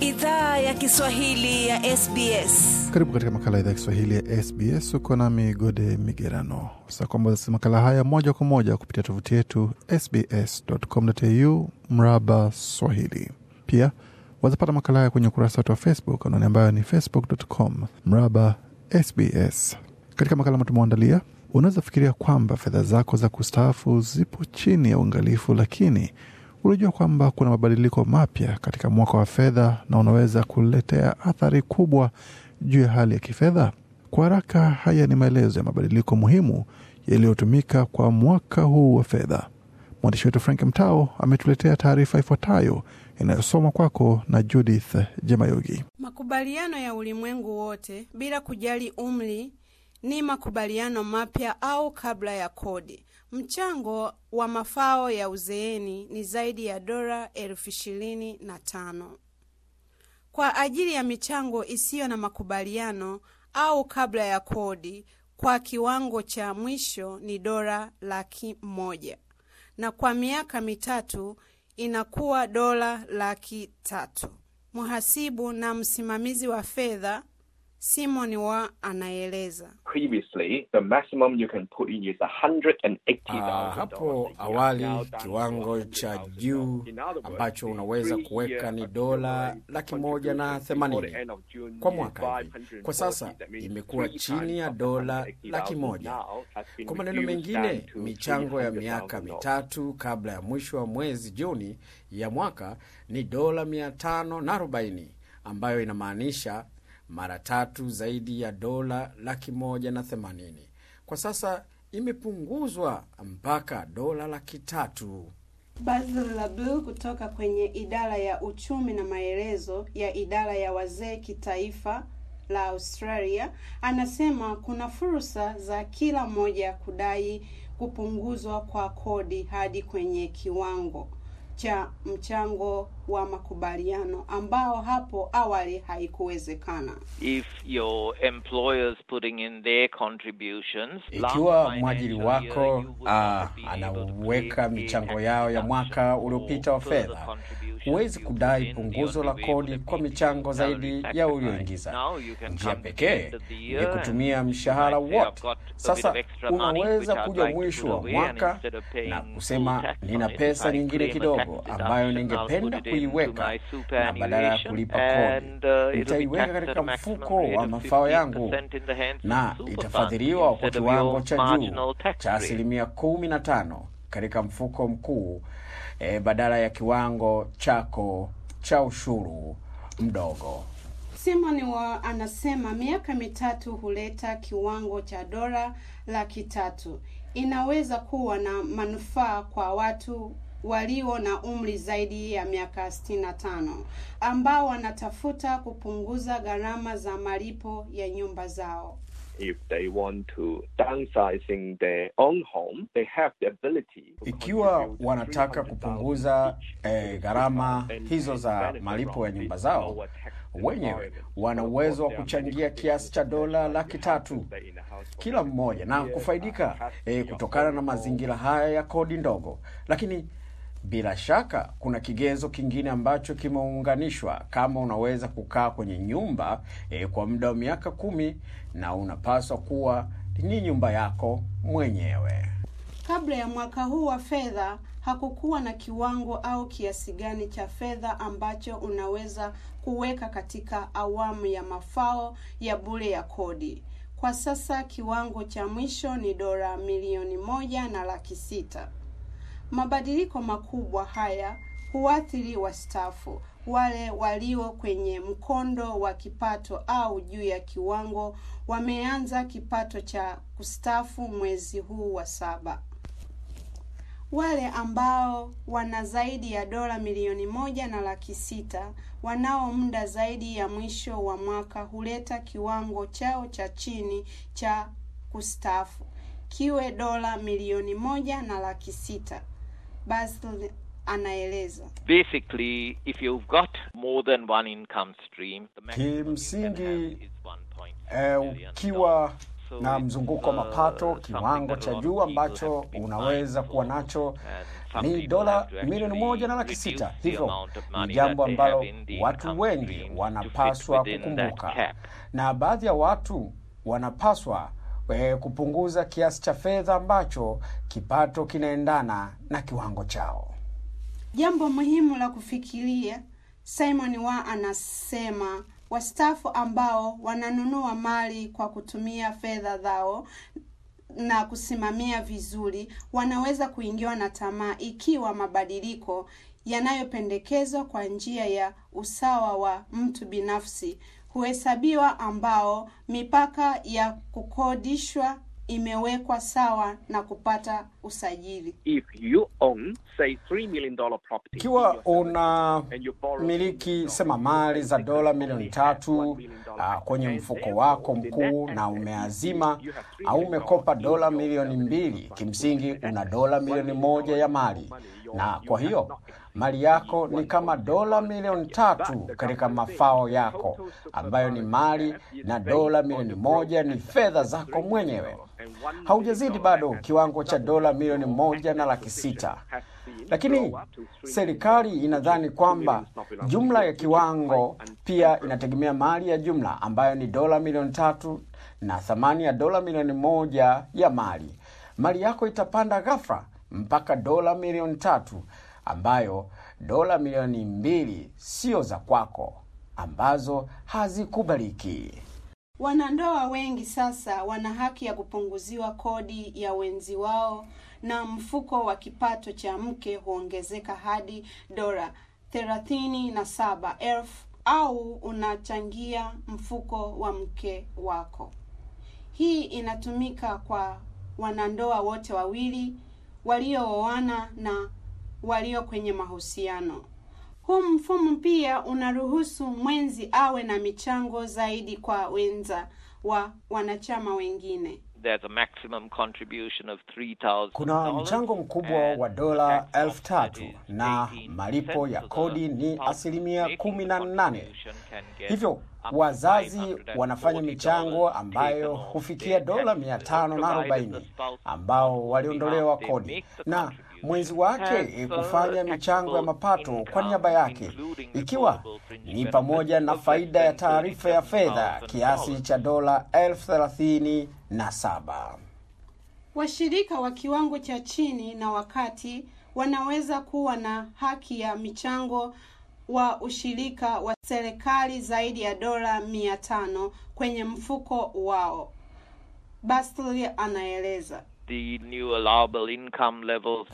idhaa ya Kiswahili ya SBS. Karibu katika makala ya idhaa ya Kiswahili ya SBS. Uko nami Gode Migerano. Sasa kwamba makala haya moja kwa moja kupitia tovuti yetu sbs.com.au mraba swahili. Pia wazapata makala haya kwenye ukurasa wetu wa Facebook anaoni ambayo ni facebook.com mraba SBS. Katika makala ambayo tumeandalia, unaweza fikiria kwamba fedha zako za kustaafu zipo chini ya uangalifu, lakini Unajua kwamba kuna mabadiliko mapya katika mwaka wa fedha na unaweza kuletea athari kubwa juu ya hali ya kifedha. Kwa haraka, haya ni maelezo ya mabadiliko muhimu yaliyotumika kwa mwaka huu wa fedha. Mwandishi wetu Frank Mtao ametuletea taarifa ifuatayo inayosoma kwako na Judith Jemayogi. Makubaliano ya ulimwengu wote bila kujali umri ni makubaliano mapya au kabla ya kodi Mchango wa mafao ya uzeeni ni zaidi ya dola elfu ishirini na tano kwa ajili ya michango isiyo na makubaliano au kabla ya kodi. Kwa kiwango cha mwisho ni dola laki moja na kwa miaka mitatu inakuwa dola laki tatu. Mhasibu na msimamizi wa fedha Simon wa anaeleza ah, hapo awali, kiwango cha juu ambacho unaweza kuweka ni dola laki moja na themanini kwa mwaka. Kwa sasa imekuwa chini ya dola laki moja. Kwa maneno mengine, michango ya miaka mitatu kabla ya mwisho wa mwezi Juni ya mwaka ni dola mia tano na arobaini ambayo inamaanisha mara tatu zaidi ya dola laki moja na themanini. Kwa sasa imepunguzwa mpaka dola laki tatu. Basil Lablu kutoka kwenye idara ya uchumi na maelezo ya idara ya wazee kitaifa la Australia anasema kuna fursa za kila mmoja kudai kupunguzwa kwa kodi hadi kwenye kiwango cha mchango wa makubaliano ambao hapo awali haikuwezekana. If your employers putting in their contributions, ikiwa mwajiri wako ah, anaweka michango yao ya mwaka uliopita wa fedha, huwezi kudai punguzo la kodi kwa michango zaidi ya ulioingiza. Njia pekee ni kutumia mshahara wote. Sasa unaweza kuja mwisho wa mwaka na kusema nina pesa nyingine kidogo ambayo ningependa niliyoiweka, na badala ya kulipa kodi nitaiweka uh, katika mfuko wa mafao yangu, na itafadhiliwa kwa kiwango cha juu cha asilimia kumi na tano katika mfuko mkuu e, badala ya kiwango chako cha ushuru mdogo. Simon wa anasema miaka mitatu huleta kiwango cha dola laki tatu. Inaweza kuwa na manufaa kwa watu walio na umri zaidi ya miaka 65 ambao wanatafuta kupunguza gharama za malipo ya nyumba zao. If they want to downsizing their own home, they have the ability ikiwa wanataka kupunguza eh, gharama hizo za malipo ya nyumba zao wenyewe, wana uwezo wa kuchangia kiasi cha dola laki tatu kila mmoja na kufaidika eh, kutokana na mazingira haya ya kodi ndogo, lakini bila shaka kuna kigezo kingine ambacho kimeunganishwa, kama unaweza kukaa kwenye nyumba e, kwa muda wa miaka kumi, na unapaswa kuwa ni nyumba yako mwenyewe. Kabla ya mwaka huu wa fedha hakukuwa na kiwango au kiasi gani cha fedha ambacho unaweza kuweka katika awamu ya mafao ya bure ya kodi. Kwa sasa kiwango cha mwisho ni dola milioni moja na laki sita. Mabadiliko makubwa haya huathiri wastaafu, wale walio kwenye mkondo wa kipato au juu ya kiwango wameanza kipato cha kustaafu mwezi huu wa saba. Wale ambao wana zaidi ya dola milioni moja na laki sita wanao muda zaidi ya mwisho wa mwaka huleta kiwango chao cha chini cha kustaafu kiwe dola milioni moja na laki sita. Basil anaeleza. Basically, if you've got more than one income stream, kimsingi eh, ukiwa na mzunguko wa uh, mapato, kiwango cha juu ambacho unaweza kuwa nacho ni dola milioni moja na laki sita. Hivyo ni jambo ambalo watu wengi wanapaswa kukumbuka, na baadhi ya watu wanapaswa Eh, kupunguza kiasi cha fedha ambacho kipato kinaendana na kiwango chao. Jambo muhimu la kufikiria, Simon wa anasema wastafu ambao wananunua mali kwa kutumia fedha zao na kusimamia vizuri wanaweza kuingiwa na tamaa ikiwa mabadiliko yanayopendekezwa kwa njia ya usawa wa mtu binafsi huhesabiwa ambao mipaka ya kukodishwa imewekwa sawa na kupata usajili. Ikiwa una miliki sema mali za dola milioni tatu uh, kwenye mfuko wako mkuu na umeazima au umekopa dola milioni mbili, kimsingi una dola milioni moja ya mali na kwa hiyo mali yako ni kama dola milioni tatu katika mafao yako ambayo ni mali, na dola milioni moja ni fedha zako mwenyewe. Haujazidi bado kiwango cha dola milioni moja na laki sita lakini serikali inadhani kwamba jumla ya kiwango pia inategemea mali ya jumla ambayo ni dola milioni tatu na thamani ya dola milioni moja ya mali. Mali yako itapanda ghafla mpaka dola milioni tatu ambayo dola milioni mbili sio za kwako ambazo hazikubaliki. Wanandoa wengi sasa wana haki ya kupunguziwa kodi ya wenzi wao na mfuko wa kipato cha mke huongezeka hadi dola thelathini na saba elfu au unachangia mfuko wa mke wako. Hii inatumika kwa wanandoa wote wawili waliooana na walio kwenye mahusiano. Huu mfumo pia unaruhusu mwenzi awe na michango zaidi kwa wenza wa wanachama wengine. There's a maximum contribution of 3,000. Kuna mchango mkubwa wa dola elfu tatu na malipo ya kodi ni asilimia kumi na nane. Hivyo wazazi wanafanya michango ambayo hufikia dola 540 ambao waliondolewa kodi na mwenzi wake kufanya michango ya mapato kwa niaba yake, ikiwa ni pamoja na faida ya taarifa ya fedha kiasi cha dola 37 Washirika wa kiwango cha chini na wakati wanaweza kuwa na haki ya michango wa ushirika wa serikali zaidi ya dola mia tano kwenye mfuko wao. Bastl anaeleza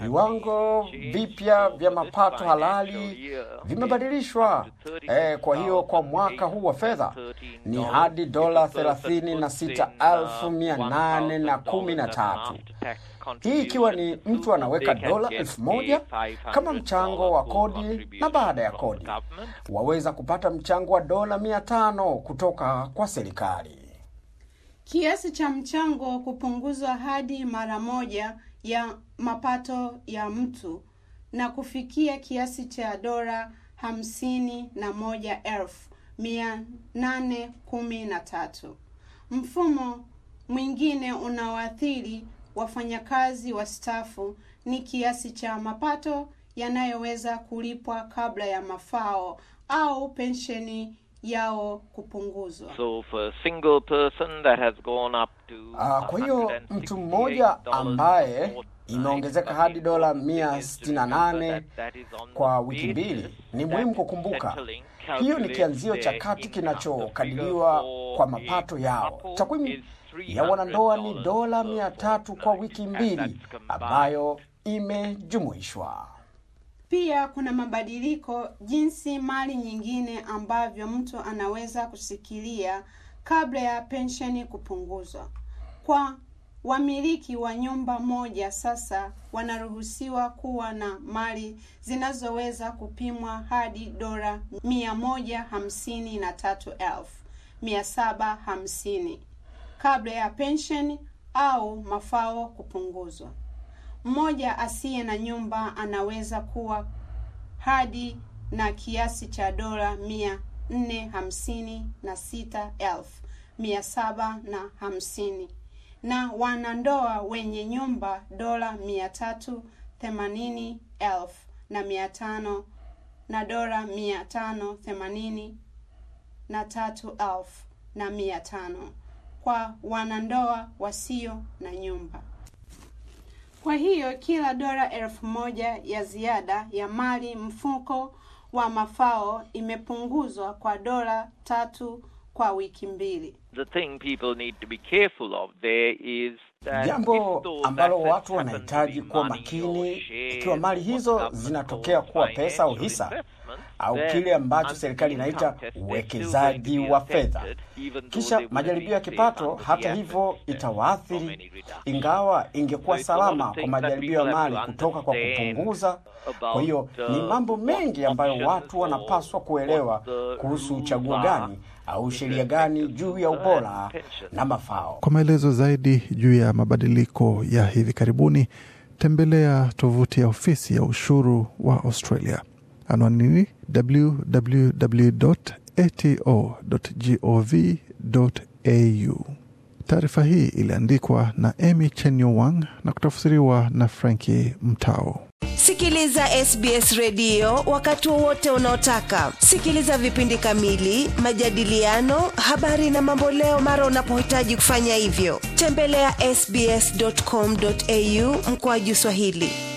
viwango vipya vya mapato halali vimebadilishwa eh, kwa hiyo kwa mwaka huu wa fedha ni hadi dola 36,813 uh, hii ikiwa ni mtu anaweka dola elfu kama mchango wa kodi, na baada ya kodi waweza kupata mchango wa dola 5 kutoka kwa serikali. Kiasi cha mchango kupunguzwa hadi mara moja ya mapato ya mtu na kufikia kiasi cha dola hamsini na moja elfu mia nane kumi na tatu. Mfumo mwingine unaoathiri wafanyakazi wastaafu ni kiasi cha mapato yanayoweza kulipwa kabla ya mafao au pensheni yao kupunguzwa. So for a single person that has gone up to uh, kwa hiyo mtu mmoja ambaye imeongezeka hadi dola 168 kwa wiki mbili. Ni muhimu kukumbuka hiyo ni kianzio cha kati kinachokadiriwa kwa mapato yao. Takwimu ya wanandoa ni dola tatu kwa wiki mbili ambayo imejumuishwa. Pia kuna mabadiliko jinsi mali nyingine ambavyo mtu anaweza kushikilia kabla ya pensheni kupunguzwa. Kwa wamiliki wa nyumba moja sasa wanaruhusiwa kuwa na mali zinazoweza kupimwa hadi dola mia moja hamsini na tatu elfu mia saba hamsini kabla ya pensheni au mafao kupunguzwa. Mmoja asiye na nyumba anaweza kuwa hadi na kiasi cha dola mia nne hamsini na sita elfu mia saba na hamsini na wanandoa wenye nyumba dola mia tatu themanini elfu na mia tano na dola mia tano themanini na tatu elfu na mia tano kwa wanandoa wasio na nyumba. Kwa hiyo kila dola elfu moja ya ziada ya mali mfuko wa mafao imepunguzwa kwa dola tatu kwa wiki mbili. The thing people need to be careful of there is jambo ambalo watu wanahitaji kuwa makini, ikiwa mali hizo zinatokea kuwa pesa au hisa au kile ambacho serikali inaita uwekezaji wa fedha. Kisha majaribio ya kipato, hata hivyo, itawaathiri, ingawa ingekuwa salama kwa majaribio ya mali kutoka kwa kupunguza. Kwa hiyo ni mambo mengi ambayo watu wanapaswa kuelewa kuhusu uchaguo gani au sheria gani juu ya ubora na mafao. Kwa maelezo zaidi juu ya mabadiliko ya hivi karibuni, tembelea tovuti ya ofisi ya ushuru wa Australia anwani nini www.ato.gov.au. Taarifa hii iliandikwa na Emy Chenyowang na kutafsiriwa na Franki Mtao. Sikiliza SBS redio wakati wowote unaotaka. Sikiliza vipindi kamili, majadiliano, habari na mamboleo mara unapohitaji kufanya hivyo. Tembelea ya sbs.com.au mkoaji Swahili.